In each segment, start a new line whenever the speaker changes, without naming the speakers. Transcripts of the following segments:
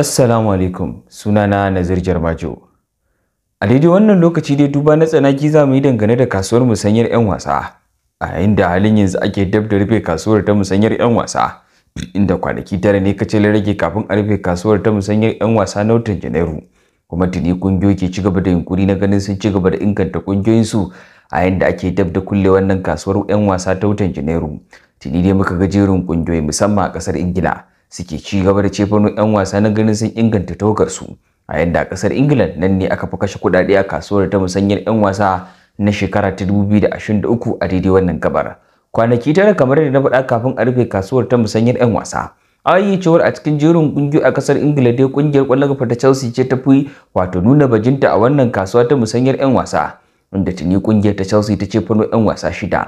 Assalamu alaikum sunana Nazir Jarmajo. A daidai wannan lokaci dai duba na tsanaki za mu yi dangane da kasuwar musanyar 'yan wasa. A yayin da halin yanzu ake dab da rufe kasuwar ta musanyar 'yan wasa, inda kwanaki tara ne kacin rage kafin a rufe kasuwar ta musanyar 'yan wasa na watan Janairu. Kuma tuni kungiyoyi ke cigaba da yunkuri na ganin sun cigaba da inganta su. a yayin da ake dab da kulle wannan kasuwar 'yan wasa ta watan Janairu. Tuni dai muka ga jerin kungiyoyi musamman a ƙasar Ingila. suke ci gaba da cefano 'yan wasa na ganin sun inganta su a yadda a kasar england nan ne aka fi kashe kudade a kasuwar ta musanyar 'yan wasa na shekara ta 2023 a daidai wannan gabar kwanaki tara kamar da na faɗa kafin a rufe kasuwar ta musanyar 'yan wasa ayi cewar a cikin jerin kungiyoyi a kasar ingila dai kungiyar kwallon kafa ta chelsea ce ta fi wato nuna bajinta a wannan kasuwa ta musanyar 'yan wasa inda tuni kungiyar ta chelsea ta ce fano 'yan wasa shida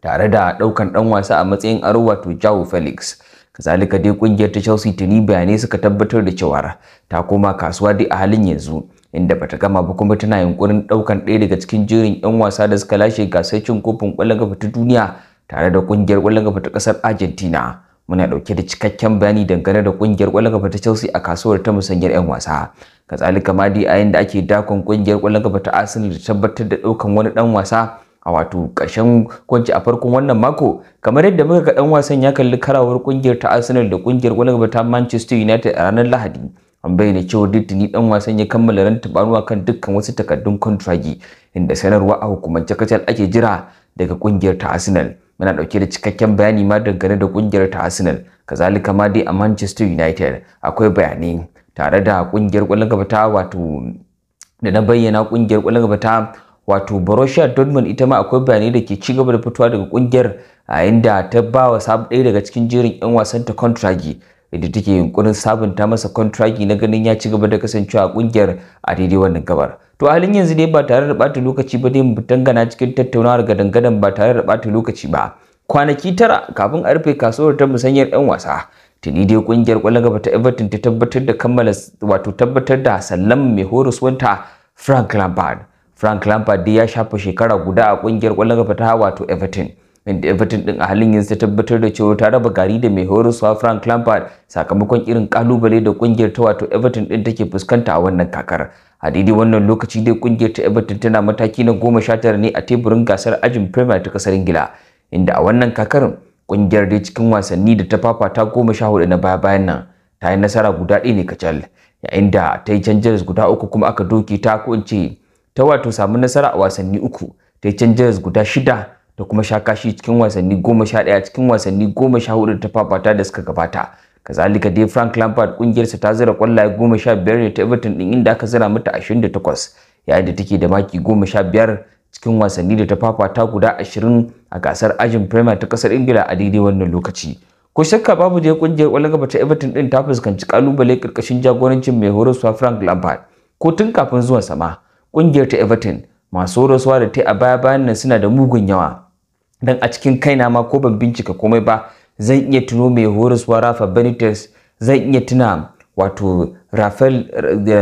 tare da daukan dan wasa a matsayin aro wato jao felix kazalika dai kungiyar ta Chelsea tuni bayanai suka tabbatar da cewa ta koma kasuwa dai a halin yanzu inda bata gama ba kuma tana yunkurin daukan ɗaya daga cikin jerin 'yan wasa da suka lashe gasar kofin ƙwallon kafa ta duniya tare da kungiyar ƙwallon kafa ta kasar Argentina muna dauke da cikakken bayani dangane da kungiyar ƙwallon kafa ta Chelsea a kasuwar ta musanyar 'yan wasa kazalika ma dai a yayin da ake dakon kungiyar ƙwallon kafa ta Arsenal da tabbatar da daukan wani dan wasa a wato ƙarshen kwanci a farkon wannan mako kamar yadda muka ga dan wasan ya kalli karawar kungiyar ta Arsenal da kungiyar gwalgaba ta Manchester United a ranar Lahadi an bayyana cewa Dittini dan wasan ya kammala ran tabaruwa kan dukkan wasu takaddun kontragi inda sanarwa a hukumance kacal ake jira daga kungiyar ta Arsenal muna dauke da cikakken bayani ma dangane da kungiyar ta Arsenal kazalika ma dai a Manchester United akwai bayanai tare da kungiyar gwalgaba ta wato da na bayyana kungiyar gwalgaba ta wato Borussia Dortmund ita ma akwai bayanai da ke ci gaba da fitowa daga kungiyar a inda ta ba wa ɗaya daga cikin jerin 'yan wasan ta kontragi da take yunkurin sabunta masa kontragi na ganin ya ci gaba da kasancewa a kungiyar a daidai wannan gabar. To a halin yanzu dai ba tare da bata lokaci ba dai mu dangana cikin tattaunawa daga dangadan ba tare da bata lokaci ba. Kwanaki tara kafin a rufe kasuwar ta musanyar 'yan wasa. tuni dai kungiyar kwallon gaba ta Everton ta tabbatar da kammala wato tabbatar da sallan mai horuswanta Frank Lampard Frank Lampard ya shafa shekara guda a kungiyar kwallon kafa ta wato Everton. Inda Everton din a halin yanzu ta tabbatar da cewa ta raba gari da mai horoswa Frank Lampard sakamakon irin kalubale da kungiyar ta wato Everton din take fuskanta a wannan kakar. A daidai wannan lokaci dai kungiyar ta Everton tana mataki na goma sha tara ne a teburin gasar ajin Premier ta kasar Ingila. Inda a wannan kakar kungiyar dai cikin wasanni da ta fafata goma sha hudu na baya bayan nan ta yi nasara guda ɗaya ne kacal. Yayin da ta yi canjar guda uku kuma aka doke ta ko in ta wato samu nasara a wasanni uku ta yi canjas guda shida da kuma sha kashi cikin wasanni goma sha ɗaya cikin wasanni goma sha hudu da ta fafata da suka gabata kazalika dai frank lampard kungiyarsa ta zira kwallaye goma sha biyar ne ta everton din inda aka zira mata ashirin da takwas yayin da take da maki goma sha biyar cikin wasanni da ta fafata guda ashirin a gasar ajin premier ta kasar ingila a daidai wannan lokaci ko shakka babu da kungiyar kwallon ta everton din ta fuskanci kalubale karkashin jagorancin mai horaswa frank lampard ko tun kafin zuwan sama ƙungiyar ta everton masu rasuwa da ta a baya bayan nan suna da mugun yawa dan a cikin kaina ma ko ban bincika komai ba zan iya tuno mai horaswa rafa benitez zan iya tuna wato Rafael,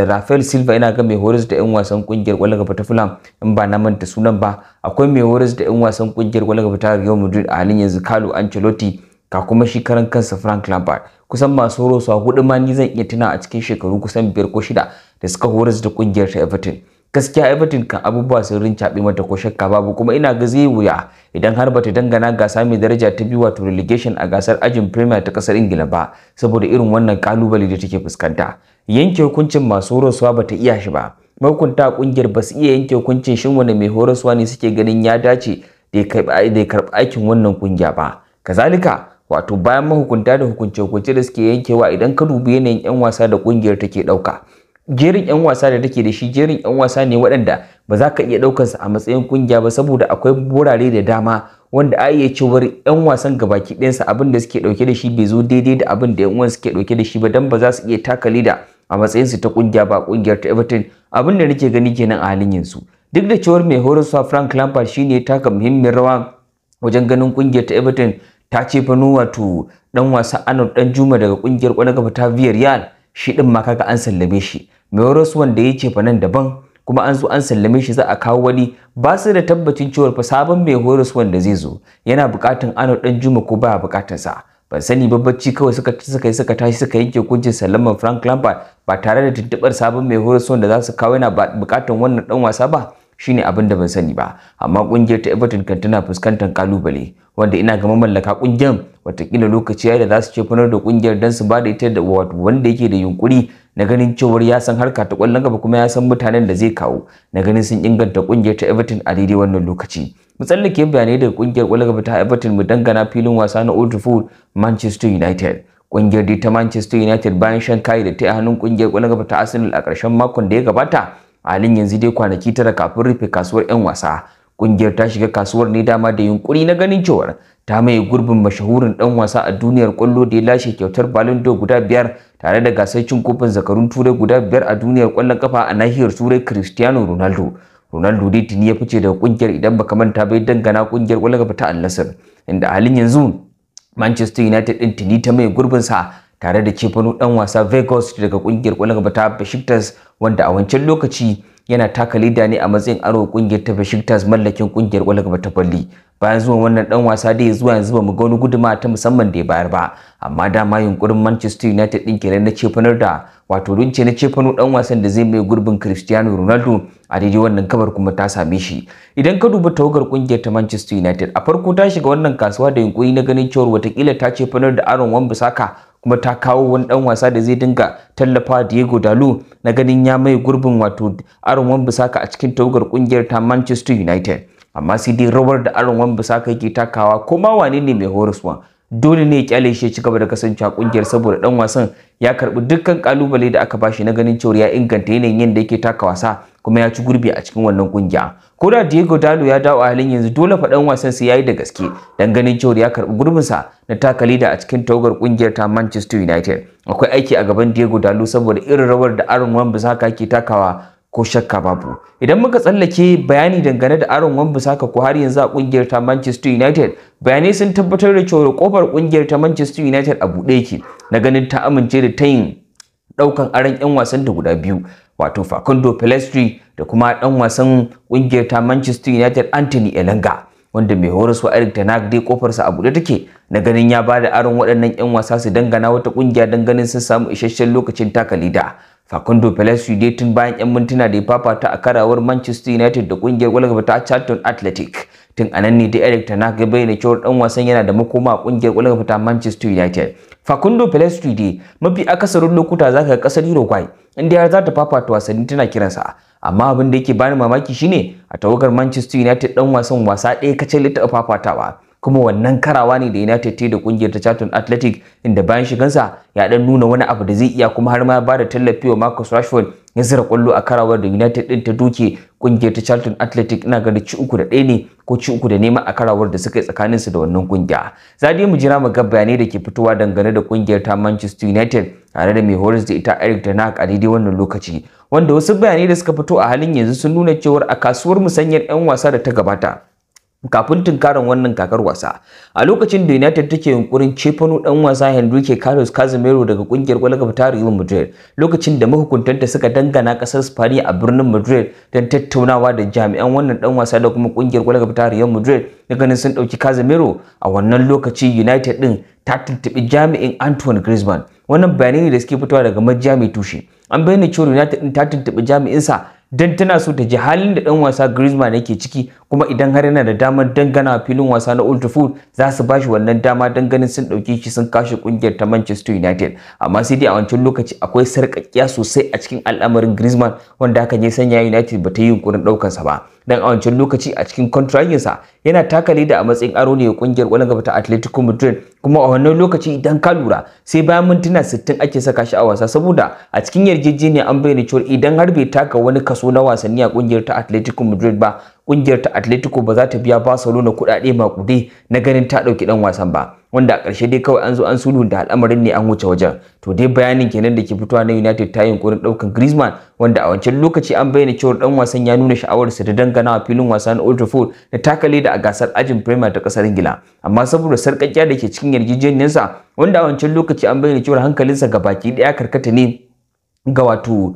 Rafael Silva yana ga mai horas da 'yan wasan kungiyar kwallon ta Fulham in ba na manta sunan ba akwai mai horas da 'yan wasan kungiyar kwallon ta Real Madrid a halin yanzu Carlo Ancelotti ka kuma shi karan kansa Frank Lampard kusan masu horoswa hudu ma ni zan iya tuna a cikin shekaru kusan biyar ko shida da suka horas da kungiyar ta Everton gaskiya Everton kan abubuwa sun rincaɓe mata ko shakka babu kuma ina ga zai wuya idan har bata dangana gasa mai daraja ta biyu wato relegation a gasar ajin Premier ta kasar Ingila ba saboda irin wannan kalubale da take fuskanta yanke hukuncin masu horaswa bata iya shi ba mahukunta kungiyar ba su iya yanke hukuncin shin wani mai horaswa ne suke ganin ya dace da ya karɓi aikin wannan kungiya ba kazalika wato bayan mahukunta da hukunce-hukunce da suke yankewa idan ka dubi yanayin 'yan wasa da kungiyar take ɗauka jerin 'yan wasa da take da shi jerin 'yan wasa ne waɗanda ba za ka iya ɗaukarsa a matsayin kungiya ba saboda akwai burare da dama wanda a iya cewar 'yan wasan gabaki ɗayansa abin da suke ɗauke da shi bai zo daidai da abin da 'yan uwan suke ɗauke da shi ba don ba za su iya taka da a matsayinsu ta kungiya ba kungiyar ta Everton abin da nake gani kenan a halin yanzu duk da cewar mai horaswa Frank Lampard shine ya taka muhimmin rawa wajen ganin kungiyar ta Everton ta ce fa wato dan wasa Arnold dan Juma daga kungiyar kwana gaba ta Villarreal shi din ma kaga an sallame shi mai rasuwan da yake fa nan daban kuma an zo an sallame shi za a kawo wani ba su da tabbacin cewar fa sabon mai horaswan da zai zo yana bukatun ano dan juma ko baya bukatar sa ban sani babbaci kawai suka suka suka tashi suka yanke hukuncin sallaman Frank Lampard ba tare da tuntubar sabon mai horaswan da za su kawo yana bukatun wannan dan wasa ba shine abin da ban sani ba amma kungiyar ta Everton kan tana fuskantar kalubale wanda ina ga mamallaka kungiyar watakila lokaci yayi da za su ce fanar da kungiyar dan su bada ita da wanda yake da yunkuri na ganin cewar ya san harka ta kwallon gaba kuma ya san mutanen da zai kawo na ganin sun inganta kungiyar ta Everton a daidai wannan lokaci mu tsallake bayanai daga kungiyar kwallon gaba ta Everton mu dangana filin wasa na Old Trafford Manchester United kungiyar dai ta Manchester United bayan shan kai da ta hannun kungiyar kwallon gaba ta Arsenal a ƙarshen makon da ya gabata halin yanzu dai kwanaki tara kafin rufe kasuwar 'yan wasa kungiyar ta shiga kasuwar ne dama da yunkuri na ganin cewa ta maye gurbin mashahurin dan wasa a duniyar kwallo da ya lashe kyautar Ballon d'Or guda biyar tare da gasar cin kofin zakarun turai guda biyar a duniyar kwallon kafa a nahiyar turai Cristiano Ronaldo Ronaldo dai tuni ya fice daga kungiyar idan baka manta bai dangana kungiyar kwallon kafa ta Al Nassr inda halin yanzu Manchester United din tuni ta maye gurbin sa tare da cefanu dan wasa Vegas daga kungiyar kwallon gaba ta Besiktas wanda a wancan lokaci yana taka leda ne a matsayin aro kungiyar ta Besiktas mallakin kungiyar kwallon gaba ta Balli bayan zuwan wannan dan wasa da ya zuwa yanzu ba mu ga wani guduma ta musamman da ya bayar ba amma dama yunkurin Manchester United din kenan na cefanar da wato rince na cefanu dan wasan da zai mai gurbin Cristiano Ronaldo a daidai wannan kabar kuma ta same shi idan ka duba tawagar kungiyar ta Manchester United a farko ta shiga wannan kasuwa da yunkuri na ganin cewa watakila ta cefanar da Aaron Wan-Bissaka kuma ta kawo wani dan wasa da zai dinga tallafa Diego Dalo na ganin ya mai gurbin wato Aaron Wan-Bissaka a cikin tawagar kungiyar ta Manchester United amma sai dai rawar da Aaron Wan-Bissaka yake takawa kuma wane ne mai horaswa dole ne ya kyale shi ya ci gaba da kasancewa kungiyar saboda dan wasan ya karbi dukkan kalubale da aka bashi na ganin cewa ya inganta yanayin yadda yake taka wasa kuma ya ci gurbi a cikin wannan kungiya ko da Diego Dalo ya dawo a halin yanzu dole fa dan wasan sai yayi da gaske dan ganin cewa ya karbi gurbin sa na taka leader a cikin tawagar kungiyar ta Manchester United akwai aiki a gaban Diego Dalo saboda irin rawar da Aaron Wan-Bissaka ke takawa ko shakka babu idan muka tsallake bayani dangane da aron wan bisaka ko har yanzu a kungiyar ta Manchester United bayanai sun tabbatar da cewa kofar kungiyar ta Manchester United a buɗe yake na ganin ta amince da tayin daukan aron yan wasan da guda biyu wato Facundo Pelestri da kuma ɗan wasan kungiyar ta Manchester United Anthony Elanga wanda mai horaswa Eric Ten dai kofarsa a buɗe take na ganin ya bada aron waɗannan yan wasa su dangana wata kungiya dan ganin sun samu isasshen lokacin takalida. Facundo Palacio dai tun bayan 'yan mintuna da ya fafata a karawar Manchester United da kungiyar kwallon ta Charlton Athletic. Tun a nan ne da Eric Tanaka bayyana cewar dan wasan yana da makoma a kungiyar kwallon ta Manchester United. Facundo Palacio dai mafi akasarin lokuta zaka ga kasar Uruguay inda har za ta fafata wasanni tana kiransa. Amma abin da yake bani mamaki shine a tawagar Manchester United dan wasan wasa ɗaya kacal ta fafatawa. kuma wannan karawa ne da United ta da kungiyar ta Charlton Athletic inda bayan shigansa ya dan nuna wani abu da zai iya kuma har ma ba da tallafi wa Marcus Rashford ya zira kwallo a karawar da United din ta duke kungiyar ta Charlton Athletic ina ga ci uku da ɗaya ne ko ci uku da nema a karawar da suka yi tsakanin su da wannan kungiya. Zadi mu jira mu ga bayanai da ke fitowa dangane da kungiyar ta Manchester United tare da mai horis da ita Eric Ten Hag a daidai wannan lokaci wanda wasu bayanai da suka fito a halin yanzu sun nuna cewar a kasuwar musanyar 'yan wasa da ta gabata kafin tunkarin wannan kakar wasa a lokacin da united take yunkurin cefano dan wasa henrique carlos casemiro daga kungiyar kwallon ta real madrid lokacin da mahukuntanta suka dangana kasar spain a birnin madrid don tattaunawa da jami'an wannan dan wasa da kuma kungiyar kwallon ta real madrid na ganin sun dauki casemiro a wannan lokaci united din ta tuntubi jami'in antoine griezmann wannan bayanai ne da suke fitowa daga majiya mai tushe an bayyana cewa united din ta tuntubi sa? Dan tana so ta ji halin da dan wasa Griezmann yake ciki kuma idan har yana da damar dangana filin wasa na Old Trafford za su ba shi wannan dama don ganin sun dauke shi sun kashe kungiyar ta Manchester United amma sai dai a wancan lokaci akwai sarƙaƙiya sosai a cikin al'amarin Griezmann wanda hakan ya sanya United ba ta yi yunkurin sa ba dan a wancan lokaci a cikin sa yana taka leda a matsayin aro ne kungiyar wani gaba ta Atletico Madrid kuma a wannan lokaci idan ka lura sai bayan mintuna 60 ake saka shi a wasa saboda a cikin yarjejeniya an bayyana cewa idan har bai taka wani kaso na wasanni a kungiyar ta Atletico Madrid ba kungiyar ta Atletico ba za ta biya Barcelona kuɗaɗe makude na ganin ta ɗauki ɗan wasan ba wanda a ƙarshe dai kawai an zo an da al'amarin ne an wuce wajen to dai bayanin kenan da ke fitowa na United ta yunkurin ɗaukan Griezmann wanda a wancan lokaci an bayyana cewa ɗan wasan ya nuna sha'awarsa da dangana a filin wasa na Old Trafford da takale da a gasar ajin Premier ta ƙasar Ingila amma saboda sarƙaƙiya da ke cikin yarjejeniyar sa wanda a wancan lokaci an bayyana cewa hankalinsa ga baki ɗaya karkata ne ga wato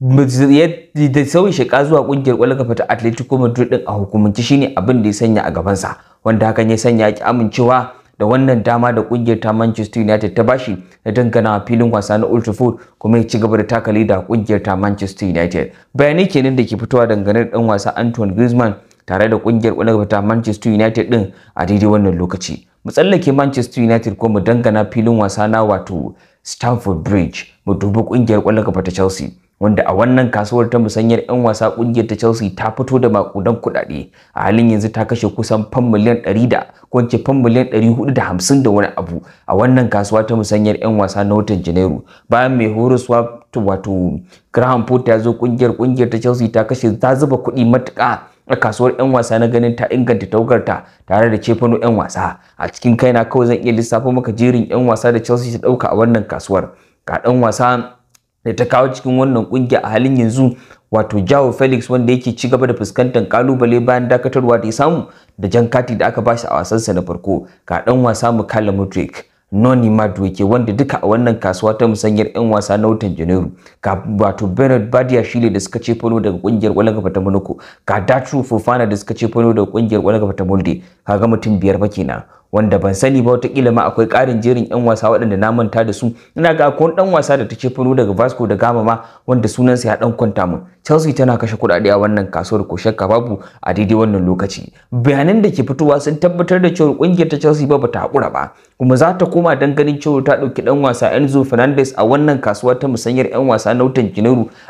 da sauyi shiga zuwa kungiyar kwallon ta Atletico Madrid din a hukumance shine abin da ya sanya a gabansa wanda hakan ya sanya ki amincewa da wannan dama da kungiyar ta Manchester United ta bashi da dangana filin wasa na Old Trafford kuma ya ci gaba da takali da kungiyar ta Manchester United bayanai kenan da ke fitowa dangane da dan wasa Antoine Griezmann tare da kungiyar kwallon kafa ta Manchester United din a daidai wannan lokaci mu tsallake Manchester United ko mu dangana filin wasa na wato Stamford Bridge mu dubi kungiyar kwallon ta Chelsea wanda a wannan kasuwar ta musanyar 'yan wasa kungiyar ta Chelsea ta fito da makudan kudade, a halin yanzu ta kashe kusan fan miliyan 100 ko ce fan miliyan 450 da wani abu a wannan kasuwa ta musanyar 'yan wasa na watan Janairu bayan mai horaswa wato Graham Potter ya zo kungiyar kungiyar ta Chelsea ta kashe ta zuba kuɗi matuƙa a kasuwar 'yan wasa na ganin ta inganta taugarta tare da cefano 'yan wasa a cikin kaina kawai zan iya lissafa maka jerin 'yan wasa da Chelsea ta ɗauka a wannan kasuwar ga ɗan wasa da ta kawo cikin wannan kungiya a halin yanzu wato Jao Felix wanda yake ci gaba da fuskantar kalubale bayan dakatarwa da ya samu da jan kati da aka bashi a wasan sa na farko ga dan wasa Mukala Mudrik Noni madweke wanda duka a wannan kasuwa ta musanyar 'yan wasa na watan Janairu ga wato Bernard Badia Shile da suka ce fano daga kungiyar Walagafa ta Monaco ga datu Fofana da suka ce fano daga kungiyar Walagafa ta Molde kaga mutum biyar ba kenan wanda ban sani ba watakila ma akwai ƙarin jerin 'yan wasa waɗanda na manta da su ina ga akwai ɗan wasa da ta ce daga Vasco da Gama ma wanda sunansa ya ɗan kwanta mu Chelsea tana kashe kuɗaɗe a wannan kasuwar ko shakka babu a daidai wannan lokaci bayanan da ke fitowa sun tabbatar da cewa ƙungiyar ta Chelsea ba ta haƙura ba kuma za ta koma dangane ganin cewa ta ɗauki ɗan wasa Enzo Fernandez a wannan kasuwa ta musanyar 'yan wasa na watan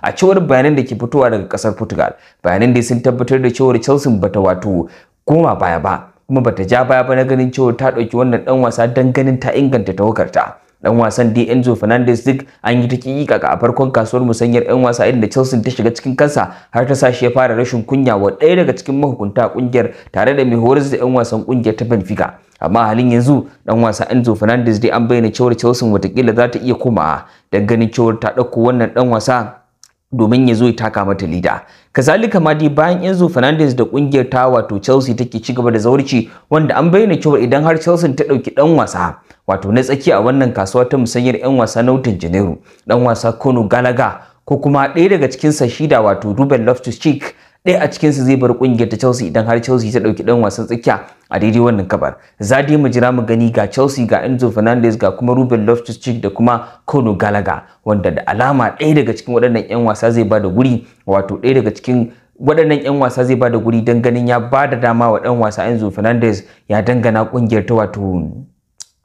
a cewar bayanan da ke fitowa daga ƙasar Portugal bayanan da sun tabbatar da cewa Chelsea bata wato koma baya ba kuma bata ja baya ba na ganin cewa ta ɗauki wannan ɗan wasa dan ganin ta inganta tawakarta. dan wasan di Enzo Fernandez duk an yi ta kaka a farkon kasuwar musanyar yan wasa inda Chelsea ta shiga cikin kansa har ta sa ya fara rashin kunya wa ɗaya daga cikin mahukunta kungiyar tare da mai horis da yan wasan kungiyar ta Benfica amma halin yanzu dan wasa Enzo Fernandez dai an bayyana cewa Chelsea watakila za ta iya komawa dan ganin cewa ta dauko wannan dan wasa domin ya zo ya taka mata lida kazalika ma dai bayan Enzo Fernandez da kungiyar ta wato Chelsea take ci gaba da zaurci wanda an bayyana cewa idan har Chelsea ta dauki dan wasa wato na tsaki a wannan kasuwa ta musanyar yan wasa na Wutan Janairu dan wasa Kono Galaga ko kuma ɗaya daga cikin sa shida wato Ruben Loftus-Cheek ɗaya a cikinsu zai bar ƙungiyar ta Chelsea idan har Chelsea ta ɗauki ɗan wasan tsakiya a daidai wannan kabar. Za dai mu jira mu gani ga Chelsea ga Enzo Fernandez ga kuma Ruben Loftus-Cheek da kuma Kono Gallagher wanda da alama ɗaya daga cikin waɗannan ƴan wasa zai ba da guri wato ɗaya daga cikin waɗannan ƴan wasa zai ba da guri don ganin ya ba da dama wa ɗan wasa Enzo Fernandez ya dangana ƙungiyar ta wato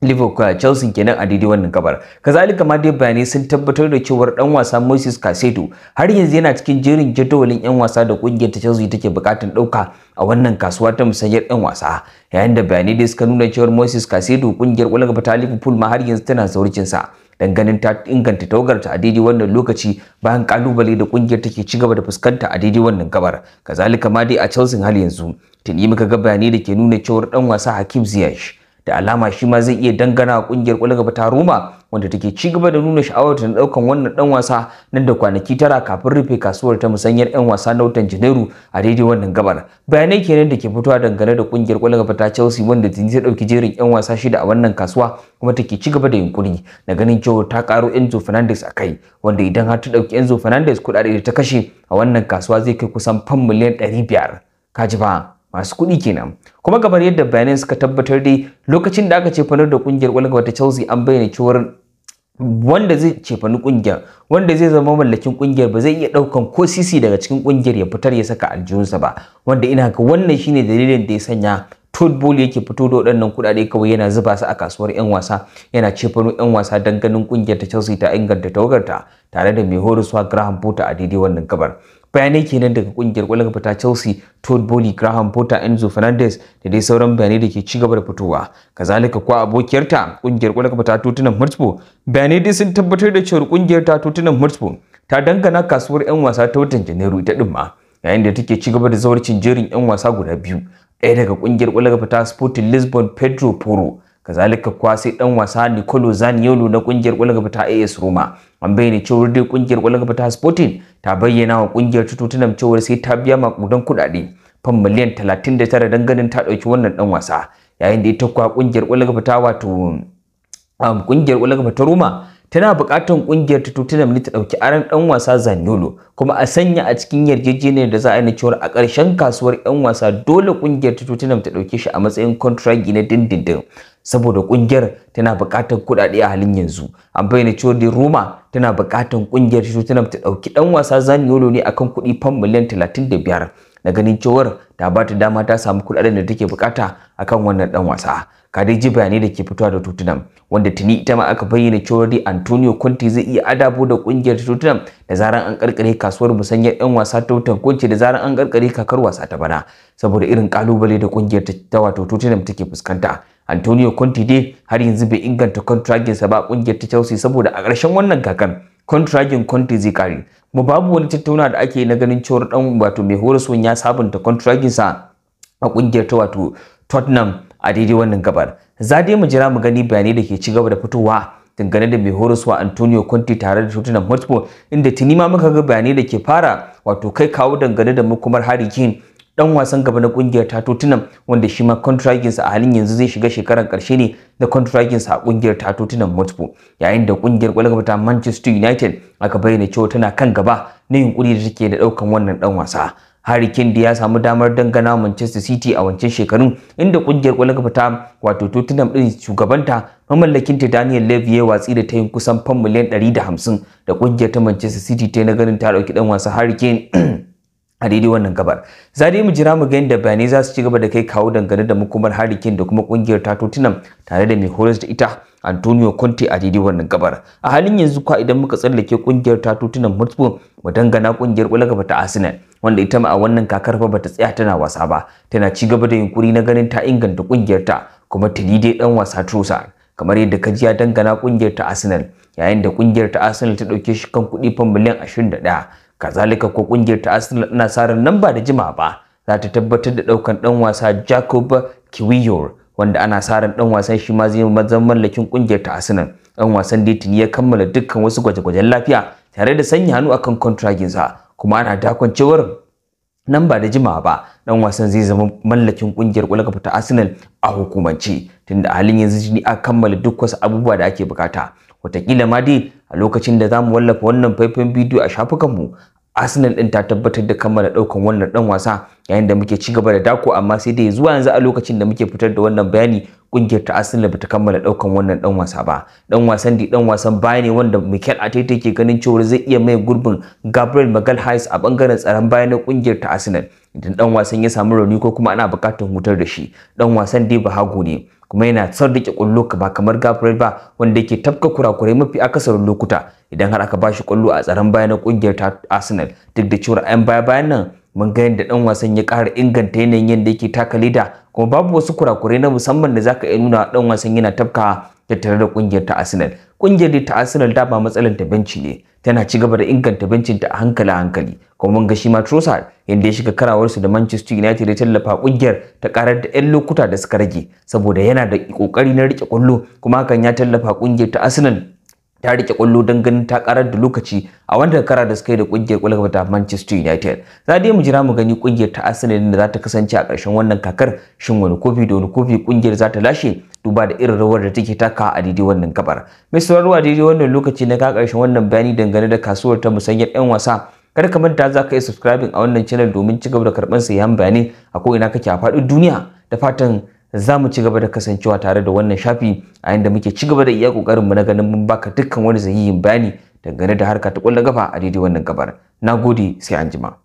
Liverpool Chelsea kenan a daidai wannan gabar. Kazalika ma dai bayanai sun tabbatar da cewar dan wasa Moses Caicedo har yanzu yana cikin jerin jadawalin 'yan wasa da kungiyar ta Chelsea take bukatun dauka a wannan kasuwa ta musayar 'yan wasa. Yayin da bayanai dai suka nuna cewar Moses Caicedo kungiyar ƙwallon ta Liverpool ma har yanzu tana saurucin sa. ganin ta inganta tawagar ta a daidai wannan lokaci bayan kalubale da kungiyar take ci gaba da fuskanta a daidai wannan gabar kazalika ma dai a Chelsea har yanzu tuni muka ga bayanai da ke nuna cewar dan wasa Hakim Ziyech da alama shi ma zai iya dangana kungiyar kwallon gaba ta Roma wanda take ci gaba da nuna sha'awar ta daukan wannan dan wasa nan da kwanaki tara kafin rufe kasuwar ta musanyar yan wasa na watan Janairu a daidai wannan gabar. Bayanai kenan da ke fitowa dangane da kungiyar kwallon gaba ta Chelsea wanda tuni ta dauki jerin yan wasa shida a wannan kasuwa kuma take ci gaba da yunkuri na ganin cewa ta karo Enzo Fernandez a kai wanda idan har ta dauki Enzo Fernandez kudade da ta kashe a wannan kasuwa zai kai kusan fam miliyan 500. Kaji ba masu kuɗi kenan kuma kamar yadda bayanan suka tabbatar dai lokacin da aka cefanar da kungiyar kwalgaba ta Chelsea an bayyana cewa wanda zai cefani kungiyar wanda zai zama mallakin kungiyar ba zai iya daukan ko sisi daga cikin kungiyar ya fitar ya saka aljihunsa ba wanda ina ga wannan shine dalilin da ya sanya Todd yake fito da waɗannan kuɗaɗe kawai yana zuba su a kasuwar 'yan wasa yana cefano 'yan wasa don ganin kungiyar ta Chelsea ta inganta tawagarta tare da mai horaswa Graham Potter a daidai wannan gabar bayanai kenan daga kungiyar kwallon kafa ta Chelsea Todd Bowley Graham Potter Enzo Fernandez da dai sauran bayanai da ke ci gaba da fitowa kazalika kuwa abokiyarta kungiyar kwallon kafa ta Tottenham Hotspur bayanai dai sun tabbatar da cewa kungiyar ta Tottenham Hotspur ta dangana kasuwar 'yan wasa ta watan Janairu ita din ma yayin da take ci gaba da zawarcin jerin 'yan wasa guda biyu ɗaya daga kungiyar kwallon kafa ta Sporting Lisbon Pedro Porro kazalika kwa sai dan wasa Nicolo Zaniolo na kungiyar kwallon kafa ta AS Roma an bayyana cewar dai kungiyar kwallon ta sporting ta bayyana wa kungiyar ta tottenham cewar sai ta biya makudan kuɗaɗe fan miliyan 39 don ganin ta ɗauki wannan ɗan wasa yayin da ita kuwa kungiyar kwallon ta wato kungiyar um, kwallon ta roma tana buƙatar ƙungiyar ta Tottenham ne ta ɗauki aran ɗan wasa Zaniolo kuma a sanya a cikin yarjejeniyar da za a yi na cewar a ƙarshen kasuwar 'yan wasa dole ƙungiyar ta Tottenham ta ɗauke shi a matsayin kontragi na dindindin saboda ƙungiyar tana buƙatar kuɗaɗe a halin yanzu an bayyana cewar da Roma tana buƙatar ƙungiyar ta Tottenham ta ɗauki ɗan wasa Zaniolo ne akan kuɗi fam miliyan 35 na ganin cewar da ba ta dama ta samu kuɗaɗen da take bukata akan wannan dan wasa kadiji bayani da ke fitowa da Tottenham wanda tuni ita ma aka bayyana cewa di Antonio Conte zai iya adabo da kungiyar Tottenham da zaran an karkare kasuwar musanyar yan wasa ta Tottenham da zaran an karkare kakar wasa ta bana saboda irin kalubale da kungiyar ta wato Tottenham take fuskanta Antonio Conte dai har yanzu bai inganta kontragin sa ba kungiyar ta Chelsea saboda a ƙarshen wannan kakan kontragin Conte zai kare mu babu wani tattauna da ake na ganin cewar dan wato mai horaswan ya sabunta kontraginsa a kungiyar ta wato Tottenham a daidai wannan gabar za dai mu jira mu gani bayanai da ke ci da fitowa dangane da mai horaswa Antonio Conte tare da Tottenham Hotspur inda tuni ma muka ga bayanai da ke fara wato kai kawo dangane da makomar Harry Kane dan wasan gaba na kungiyar ta Tottenham wanda shi ma sa a halin yanzu zai shiga shekarar karshe ne na sa a kungiyar ta Tottenham Hotspur yayin da kungiyar kwalgaba ta Manchester United aka bayyana cewa tana kan gaba na yunkuri da take da daukan wannan dan wasa Harry Kane da ya samu damar dangana Manchester City a wancan shekarun inda kungiyar kwalgaba ta wato Tottenham din shugabanta mamallakin ta Daniel Levy ya watsi da ta yin kusan fan miliyan 150 da kungiyar ta Manchester City ta na ganin ta dauki dan wasa Harry Kane a daidai wannan gabar za mu jira mu ga yadda bayanai za su ci gaba da kai kawo dangane da makomar harikin da kuma kungiyar ta tottenham tare da mai horas da ita antonio conte a daidai wannan gabar a halin yanzu kwa idan muka tsallake kungiyar ta tottenham hotspur mu dangana kungiyar gaba ta arsenal wanda ita ma a wannan kakar fa bata tsaya tana wasa ba tana ci gaba da yunkuri na ganin ta inganta kungiyar ta kuma ta dai dan wasa trosa kamar yadda ka ji ya dangana kungiyar ta Arsenal yayin da kungiyar ta Arsenal ta dauke shi kan kuɗi fan miliyan 21 kazalika ko kungiyar ta Arsenal na sarar nan ba da jima ba za ta tabbatar da daukan dan wasa Jacob Kiwior wanda ana saran dan wasan shi ma zai zama mallakin kungiyar ta Arsenal dan wasan Dayton ya kammala dukkan wasu gwaje-gwajen lafiya tare da sanya hannu akan contracting sa kuma ana dakon cewar nan ba da jima ba dan wasan zai zama mallakin kungiyar kula ta Arsenal a hukumance tunda a halin yanzu jini a kammala duk wasu abubuwa da ake bukata watakila ma dai a lokacin da zamu wallafa wannan faifan bidiyo a shafukanmu Arsenal din ta tabbatar da kammala daukan wannan dan wasa yayin da muke ci gaba da dako amma sai dai zuwa yanzu a lokacin da muke fitar da wannan bayani kungiyar ta Arsenal bata kammala daukan wannan dan wasa ba dan wasan di dan wasan baya ne wanda Mikel Arteta ke ganin cewa zai iya mai gurbin Gabriel Magalhaes a bangaren tsaron baya na kungiyar ta Arsenal idan dan wasan ya samu rauni ko kuma ana buƙatar hutar da shi dan wasan dai bahago ne kuma yana tsarrike kwallo ba kamar Gabriel ba wanda yake tafka kurakurai mafi akasarin lokuta idan har aka bashi kwallo a tsaron baya na kungiyar Arsenal duk da cewa ayan baya bayan nan mun ga yadda dan wasan ya ƙara inganta yanayin yadda yake taka leda kuma babu wasu kurakurai na musamman da zaka iya nuna dan wasan yana tafka tattare da kungiyar ta Arsenal kungiyar ta Arsenal da ba matsalar ta benci ne tana ci gaba da inganta bencin ta a hankali a hankali kuma mun ga shi ma Trossard inda ya shiga karawarsu da Manchester United ya tallafa kungiyar ta karar da 'yan lokuta da suka rage saboda yana da kokari na rike kwallo kuma hakan ya tallafa kungiyar ta Arsenal ta rike kwallo don ganin ta karar da lokaci a wanda kara da suka yi da kungiyar kwallon ta Manchester United. Za dai mu jira mu gani kungiyar ta Arsenal da za ta kasance a ƙarshen wannan kakar shin wani kofi da wani kofi kungiyar za ta lashe duba da irin rawar da take taka a daidai wannan kabar. Mai sauraro a daidai wannan lokaci na ka ƙarshen wannan bayani dangane da kasuwar ta musanyar 'yan wasa kada ka manta za ka yi subscribing a wannan channel domin ci gaba da karɓar sayan bayanai a ko ina kake a faɗin duniya da fatan za mu ci gaba da kasancewa tare da wannan shafi a yadda muke ci gaba da iya ƙoƙarin mu na ganin mun baka dukkan wani sahihin bayani dangane da harka ta ƙwallon gafa a daidai wannan gabar. Na gode sai anjima.